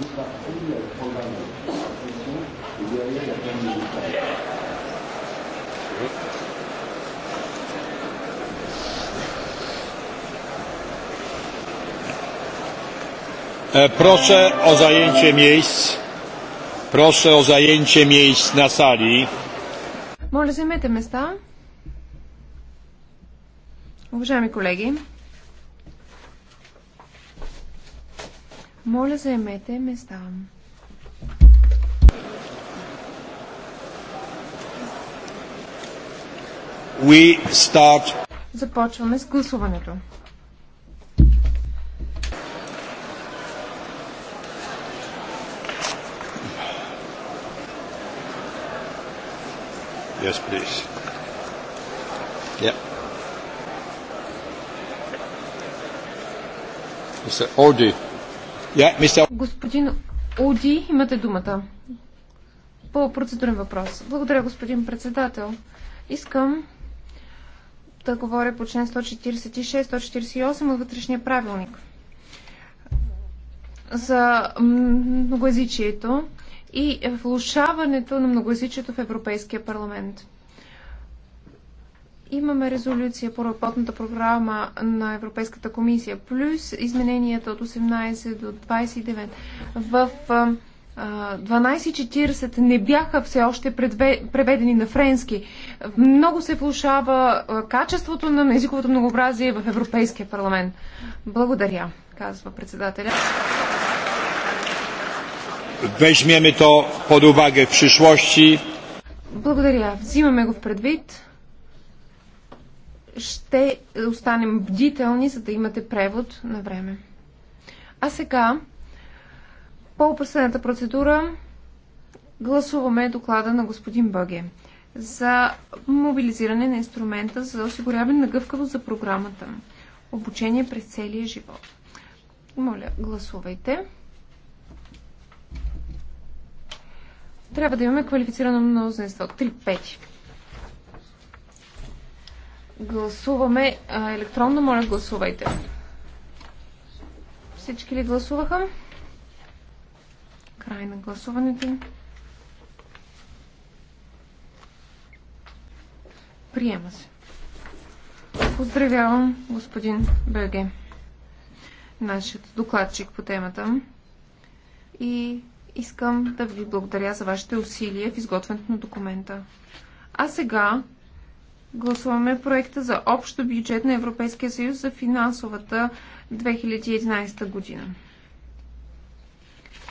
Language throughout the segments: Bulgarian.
une partie programmée. Attention, et derrière, il Proszę o zajęcie miejsc. Proszę o zajęcie miejsc na sali. Może Моля, te miejsca? Уважаеми kolegi. Моля, заемете места. We start. Започваме с гласуването. Yes, please. Yeah. Mr. Audi господин Оди, имате думата. По процедурен въпрос. Благодаря, господин председател. Искам да говоря по член 146-148 от вътрешния правилник за многоязичието и влушаването на многоязичието в Европейския парламент. Имаме резолюция по работната програма на Европейската комисия, плюс измененията от 18 до 29. В 12.40 не бяха все още преведени на френски. Много се влушава качеството на езиковото многообразие в Европейския парламент. Благодаря, казва председателя. Weźmiemy то под uwagę Благодаря. Взимаме го в предвид ще останем бдителни, за да имате превод на време. А сега, по последната процедура, гласуваме доклада на господин Бъге за мобилизиране на инструмента за осигуряване на гъвкавост за програмата. Обучение през целия живот. Моля, гласувайте. Трябва да имаме квалифицирано мнозинство. 3, пети. Гласуваме електронно. Моля, гласувайте. Всички ли гласуваха? Край на гласуването. Приема се. Поздравявам господин Беге, нашият докладчик по темата. И искам да ви благодаря за вашите усилия в изготвянето на документа. А сега Гласуваме проекта за общо бюджет на Европейския съюз за финансовата 2011 година.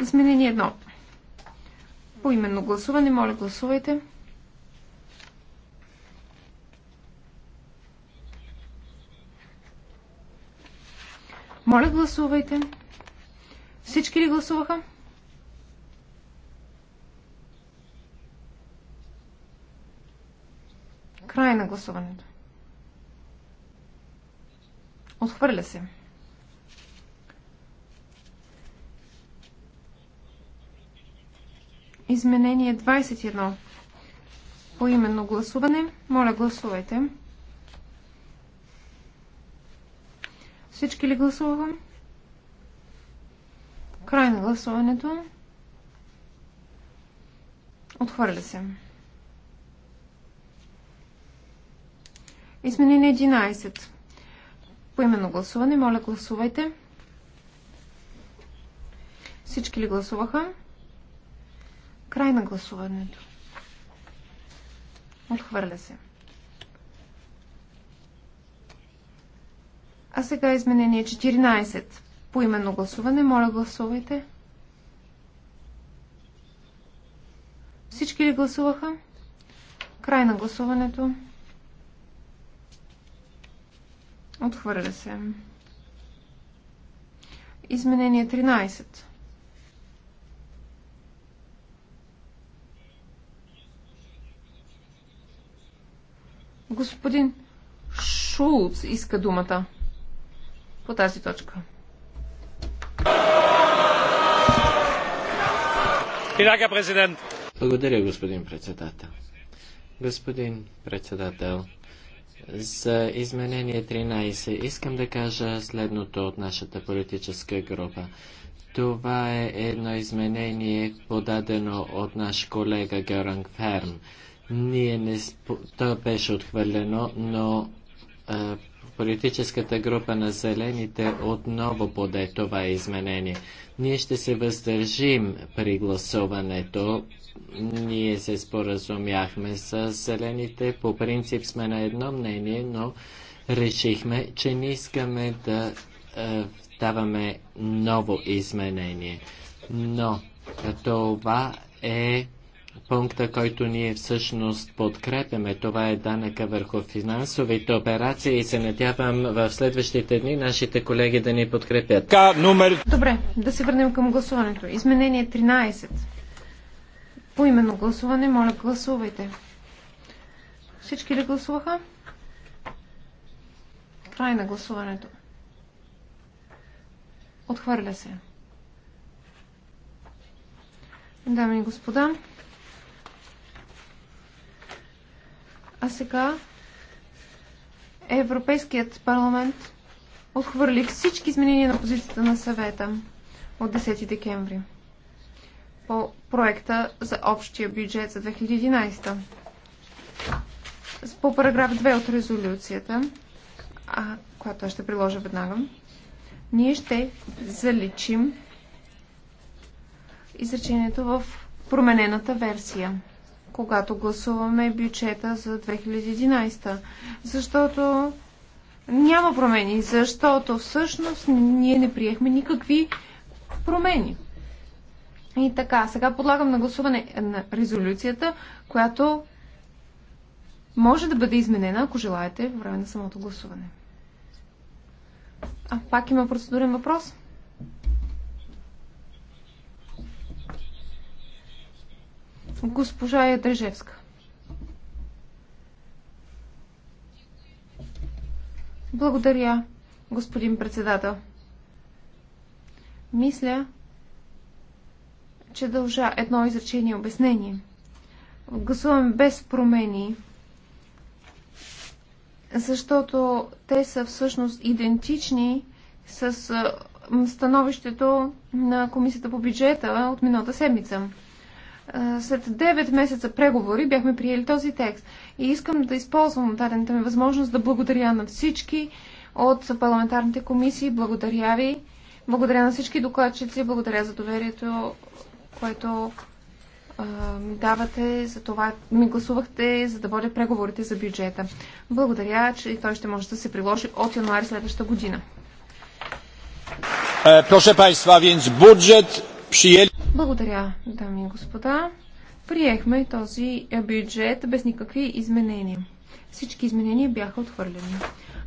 Изменение едно. По именно гласуване, моля гласувайте. Моля гласувайте. Всички ли гласуваха? гласуването. Отхвърля се. Изменение 21. По именно гласуване. Моля, гласувайте. Всички ли гласувам? Край на гласуването. Отхвърля се. Изменение 11. По именно гласуване. Моля, гласувайте. Всички ли гласуваха? Край на гласуването. Отхвърля се. А сега изменение 14. По именно гласуване. Моля, гласувайте. Всички ли гласуваха? Край на гласуването. Отхвърля се. Изменение 13. Господин Шулц иска думата по тази точка. Благодаря, господин председател. Господин председател, за изменение 13 искам да кажа следното от нашата политическа група. Това е едно изменение, подадено от наш колега Геранг Ферм. Ние не сп... То беше отхвърлено, но а, политическата група на зелените отново поде това изменение. Ние ще се въздържим при гласуването ние се споразумяхме с зелените. По принцип сме на едно мнение, но решихме, че не искаме да е, даваме ново изменение. Но това е пункта, който ние всъщност подкрепяме. Това е данъка върху финансовите операции и се надявам в следващите дни нашите колеги да ни подкрепят. Добре, да се върнем към гласуването. Изменение 13. По именно гласуване, моля гласувайте. Всички ли гласуваха? Край на гласуването. Отхвърля се. Дами и господа, а сега Европейският парламент отхвърли всички изменения на позицията на съвета от 10 декември по проекта за общия бюджет за 2011. По параграф 2 от резолюцията, а, която ще приложа веднага, ние ще заличим изречението в променената версия, когато гласуваме бюджета за 2011. Защото няма промени, защото всъщност ние не приехме никакви промени. И така, сега подлагам на гласуване на резолюцията, която може да бъде изменена, ако желаете, в време на самото гласуване. А пак има процедурен въпрос? Госпожа Ядрежевска. Благодаря, господин председател. Мисля, че дължа едно изречение обяснение. Гласуваме без промени, защото те са всъщност идентични с становището на Комисията по бюджета от миналата седмица. След 9 месеца преговори бяхме приели този текст и искам да използвам дадената ми възможност да благодаря на всички от парламентарните комисии. Благодаря ви. Благодаря на всички докладчици. Благодаря за доверието което а, ми давате, за това ми гласувахте, за да водя преговорите за бюджета. Благодаря, че той ще може да се приложи от януари следващата година. Proszę е, пайства, więc бюджет приели... Благодаря, дами и господа. Приехме този бюджет без никакви изменения. Всички изменения бяха отхвърлени.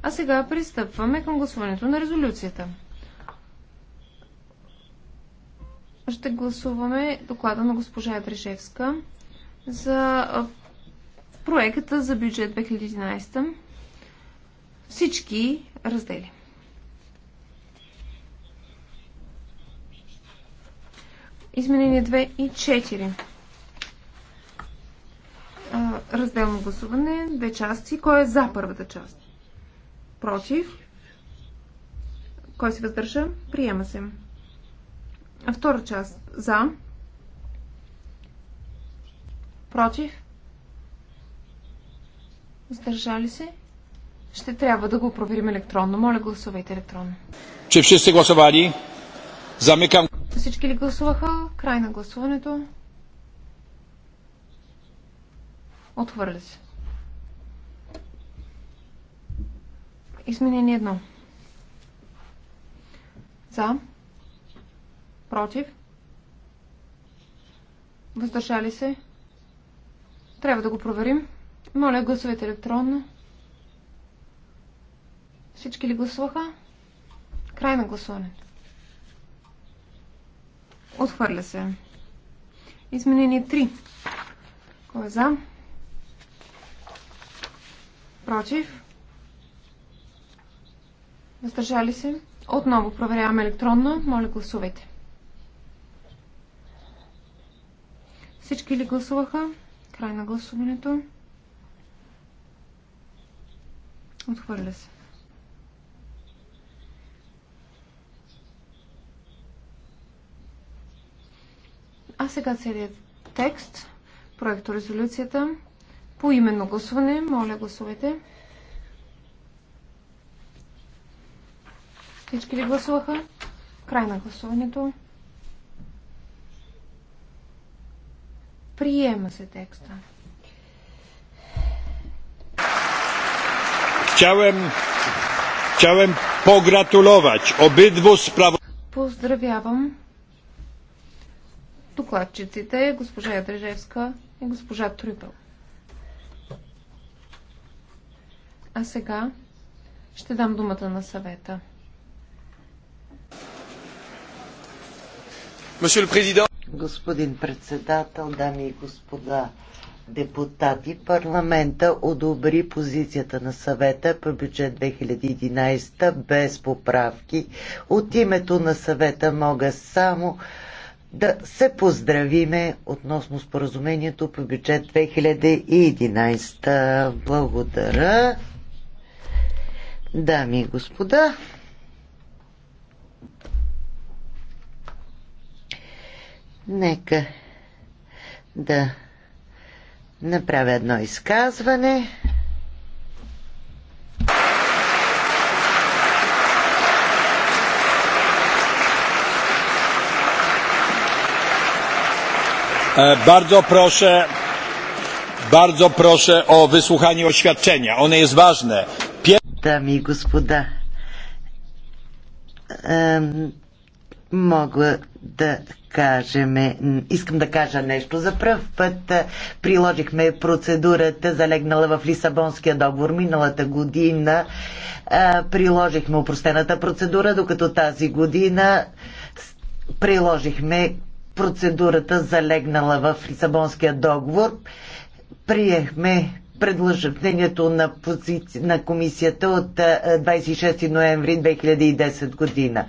А сега пристъпваме към гласуването на резолюцията. ще гласуваме доклада на госпожа Ядрежевска за проекта за бюджет 2011. Всички раздели. Изменение 2 и 4. Разделно гласуване, две части. Кой е за първата част? Против? Кой се въздържа? Приема се. Втора част. За. Против. Сдържали се. Ще трябва да го проверим електронно. Моля, гласувайте електронно. Че сте гласували? Замикам. Всички ли гласуваха? Край на гласуването. Отхвърля се. Изменение едно. За. Против? Въздържали се? Трябва да го проверим. Моля, гласувайте електронно. Всички ли гласуваха? Край на гласуване. Отхвърля се. Изменение 3. Кой е за? Против? Въздържали се? Отново проверяваме електронно. Моля, гласувайте. Всички ли гласуваха? Край на гласуването. Отхвърля се. А сега целият текст, проекто резолюцията, по именно гласуване. Моля, гласувайте. Всички ли гласуваха? Край на гласуването. Приема се текста. Chciałem, chciałem pogratulować obydwu spraw... Поздравявам докладчиците, госпожа Ядрежевска и госпожа Трюпел. А сега ще дам думата на съвета. Monsieur le Président, господин председател, дами и господа депутати. Парламента одобри позицията на съвета по бюджет 2011 без поправки. От името на съвета мога само да се поздравиме относно споразумението по бюджет 2011. Благодаря. Дами и господа, Нека да направя едно изказване. Bardzo proszę, bardzo proszę o wysłuchanie oświadczenia. One jest ważne. Pier... Dami gospoda, Um мога да кажем, искам да кажа нещо. За пръв път приложихме процедурата, залегнала в Лисабонския договор миналата година. Приложихме упростената процедура, докато тази година приложихме процедурата, залегнала в Лисабонския договор. Приехме предложението на, пози... на комисията от 26 ноември 2010 година.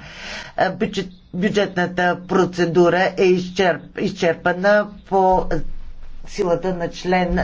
Бюджет... Бюджетната процедура е изчерп... изчерпана по силата на член